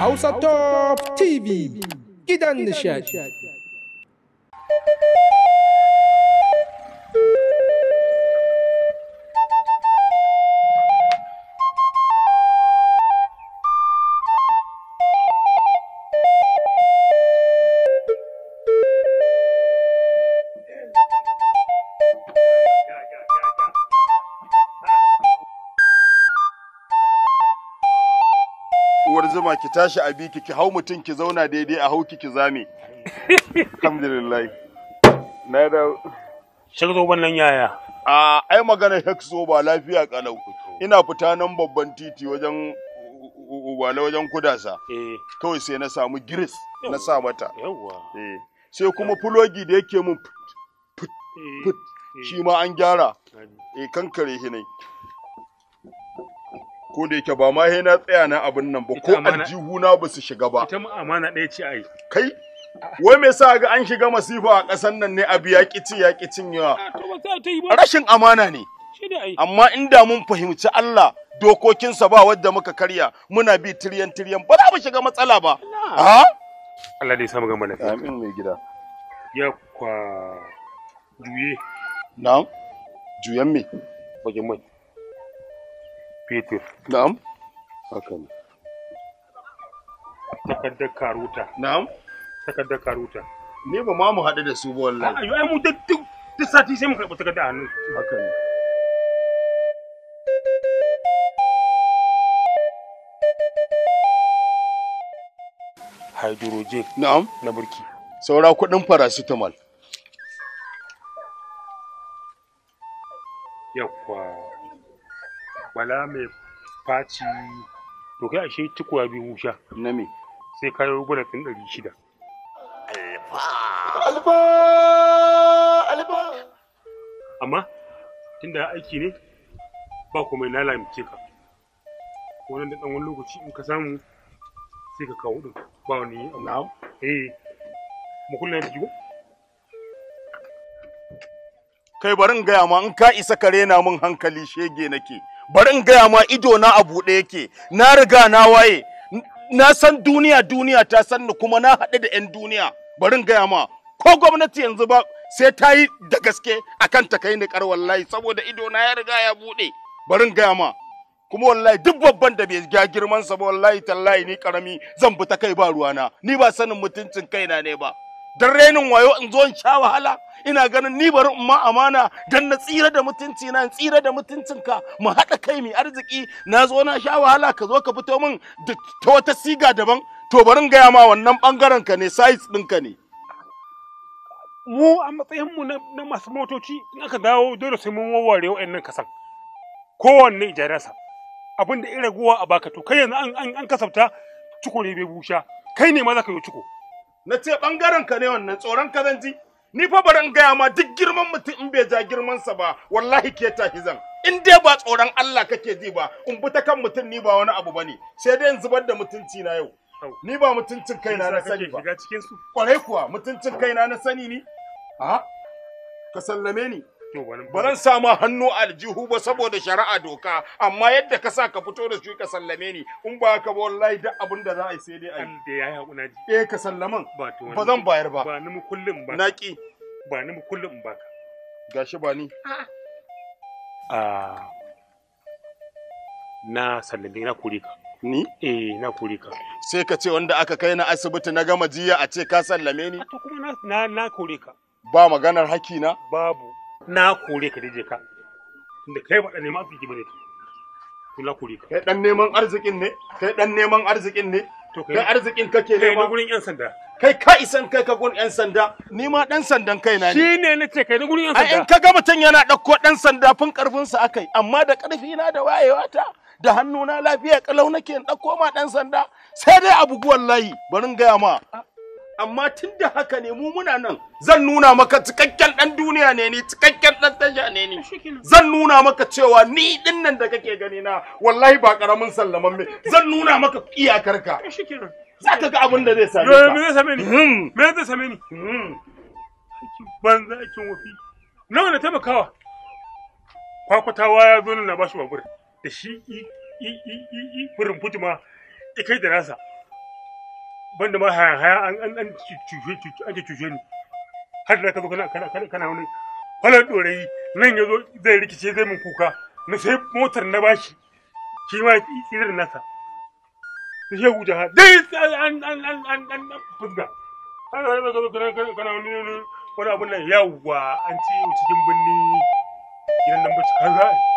House of Top TV. Get on the shot. zuma ki tashi a biki ki hau mutum ki zauna daidai a hau ki zame alhamdulillah na da shek zo yaya a ai magana shek zo ba lafiya kalau ina fita nan babban titi wajen wale wajen kudasa kawai sai na samu giris na sa mata sai kuma fulogi da yake mun put shima shi ma an gyara eh kankare hinai. ko da yake ba ma he na tsaya na abin nan ba ko aljihuna ba su shiga ba ita mu amana ɗaya ce ai kai wai me yasa ga an shiga masifa a ƙasar nan ne abi ya kici ya kicin yawa rashin amana ne amma inda mun fahimci Allah dokokinsa ba wadda muka karya muna bi tiryan tiryan ba za mu shiga matsala ba a ah? Allah ne ya samu gama lafiya amin mai gida ya kwa juye na'am juyan me bakin mai fetur. Na'am. Haka ne. Takardar karuta. Na'am. Takardar karuta. Ne ba ma mu haɗu da su ba wallahi. A'a, ai mu duk duk sati sai mu karɓi takardar hannu. Haka ne. hydrogen na'am na burki saura kudin paracetamol Yeah, wow. bala mai faci to kai ashe tukuwa biyu musha na me sai kayo gula tun ɗari shida alfa alfa alfa amma tunda aiki ne ba kuma na lalace ka wannan da ɗan wani lokaci in ka samu sai ka kawo ɗin ba wani amma eh mu kullum ya jiwo kai barin gaya ma in ka isa ka rena min hankali shege nake bari in gaya ma ido na a buɗe yake na riga na waye na san duniya duniya ta san ni kuma na haɗu da 'yan duniya bari in gaya ma ko gwamnati yanzu ba sai ta yi da gaske akan ta kai ni kar wallahi saboda ido na ya riga ya buɗe bari in gaya ma kuma wallahi duk babban da bai ga girman sa ba wallahi tallahi ni karami zan bi ta kai ba ruwana ni ba sanin mutuncin kaina ne ba don renin wayo in zo in sha wahala ina ganin ni bari in ma amana don na tsira da mutunci na tsira da mutuncinka mu haɗa kai mai arziki na zo na sha wahala ka zo ka fito min da ta wata siga daban to bari in gaya ma wannan ɓangaren ka ne size ɗinka ne. mu a matsayinmu na masu motoci in aka dawo dole sai mun warware wa'annan kasan kowanne ijararsa abin da irin guwa a baka to kai yanzu an kasafta ciko bai busha kai ne ma za ka yi ciko na ce bangaren ka ne wannan tsoron ka zan ji ni fa baran gaya ma duk girman mutum in bai ja girman sa ba wallahi ke ta hizan in dai ba tsoron Allah kake ji ba in bi ta kan mutum ni ba wani abu bane sai dai in zubar da mutunci na yau ni ba mutuncin kaina na sani ba kwarai kuwa mutuncin kaina na sani ni a ka sallame ni ba sama hannu aljihu ba saboda shari'a doka amma yadda ka sa ka fito da shi ka sallame ni in ba ka ba wallahi duk abin da za a yi sai dai a yi da yayi hakuna ji eh ka sallaman ba zan bayar ba ba ni mu kullum ba naki ba ni mu kullum ba ka gashi ba ni a na sallame na kore ka ni eh na kore ka sai ka ce wanda aka kai na asibiti na gama jiya a ce ka sallame ni to kuma na na ka ba maganar hakina babu na kore ka daje ka tunda kai ba da neman arziki bane to na kore ka kai dan neman arzikin ne kai dan neman arzikin ne to kai arzikin kake nema kai na gurin yan sanda kai ka isan kai ka gurin yan sanda ni ma dan sandan kai na ne shine nace kai na gurin yan sanda ai in ka ga mutun yana dauko dan sanda fin karfin sa akai amma da karfi na da wayewa ta da hannuna lafiya kalau nake in dauko ma dan sanda sai dai abu guwan layi barin gaya ma amma tun da haka ne mu muna nan zan nuna maka cikakken dan duniya ne ni cikakken dan tasha ne ni zan nuna maka cewa ni din nan da kake gani na wallahi ba karamin sallaman me zan nuna maka iyakar ka eh, za ka ga abin da zai same ka me zai same ni hmm. me zai same ni hmm. banza aikin wafi nawa na taimakawa kwakwatawa ya zo na bashi babur da shi i i i i furin fujima ikai da nasa banda ma haya haya an an an cuce cuce an cuce ni har da ka zo kana kana kana kana wani falon dorayi nan yazo zai rikice zai min kuka na sai motar na bashi shi ma tsirar nasa da shi ya ha dai an an an an an fuska har da ka zo kana kana kana wani wani abun nan yawwa an ci cikin binni gidan nan ba ci kaza